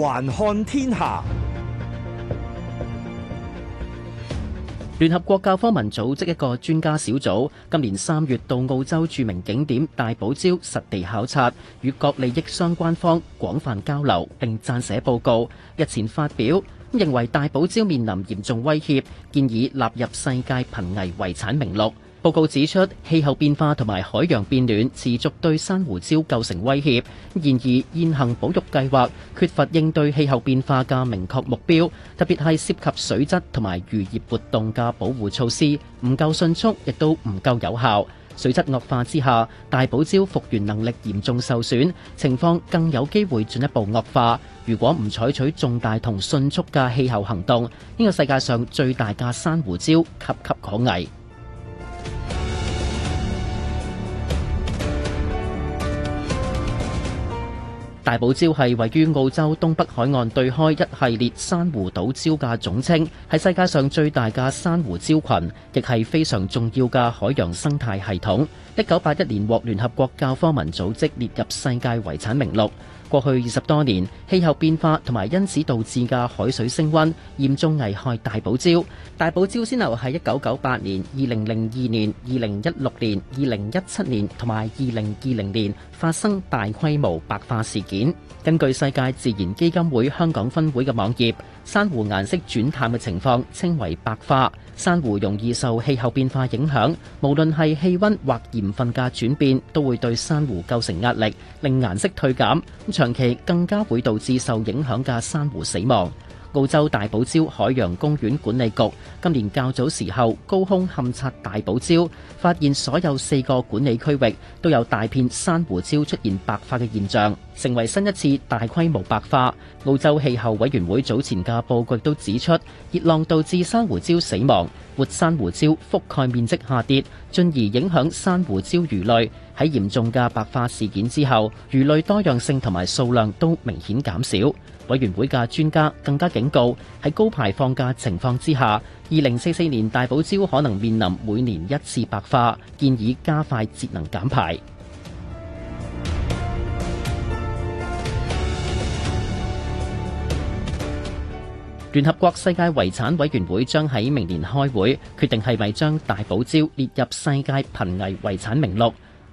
環看天下，聯合國教科文組織一個專家小組今年三月到澳洲著名景點大堡礁實地考察，與各利益相關方廣泛交流，並撰寫報告，日前發表，認為大堡礁面臨嚴重威脅，建議納入世界瀕危遺產名錄。報告指出，氣候變化同埋海洋變暖持續對珊瑚礁構成威脅，然而現行保育計劃缺乏應對氣候變化嘅明確目標，特別係涉及水質同埋漁業活動嘅保護措施唔夠迅速，亦都唔夠有效。水質惡化之下，大堡礁復原能力嚴重受損，情況更有機會進一步惡化。如果唔採取重大同迅速嘅氣候行動，呢個世界上最大嘅珊瑚礁岌岌可危。大堡礁係位於澳洲東北海岸對開一系列珊瑚島礁嘅總稱，係世界上最大嘅珊瑚礁群，亦係非常重要嘅海洋生態系統。一九八一年獲聯合國教科文組織列入世界遺產名錄。過去二十多年，氣候變化同埋因此導致嘅海水升溫嚴重危害大堡礁。大堡礁先後喺一九九八年、二零零二年、二零一六年、二零一七年同埋二零二零年發生大規模白化事件。根據世界自然基金會香港分會嘅網頁，珊瑚顏色轉淡嘅情況稱為白化。珊瑚容易受氣候變化影響，無論係氣溫或鹽分嘅轉變，都會對珊瑚構成壓力，令顏色退減。長期更加會導致受影響嘅珊瑚死亡。澳洲大堡礁海洋公園管理局今年較早時候高空勘察大堡礁，發現所有四個管理區域都有大片珊瑚礁出現白化嘅現象，成為新一次大規模白化。澳洲氣候委員會早前嘅報告都指出，熱浪導致珊瑚礁死亡，活珊瑚礁覆蓋面積下跌，進而影響珊瑚礁魚類。喺嚴重嘅白化事件之後，魚類多樣性同埋數量都明顯減少。委員會嘅專家更加警告，喺高排放嘅情況之下，二零四四年大堡礁可能面臨每年一次白化，建議加快節能減排。聯合國世界遺產委員會將喺明年開會，決定係咪將大堡礁列入世界瀕危遺產名錄。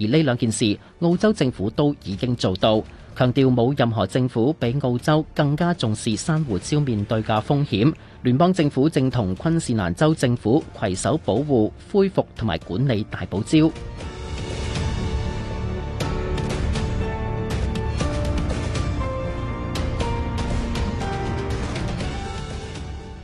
而呢兩件事，澳洲政府都已經做到，強調冇任何政府比澳洲更加重視珊瑚礁面對嘅風險。聯邦政府正同昆士蘭州政府攜手保護、恢復同埋管理大堡礁。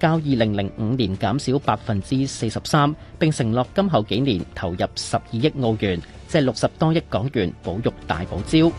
較二零零五年減少百分之四十三，並承諾今後幾年投入十二億澳元，即六十多億港元，保育大堡礁。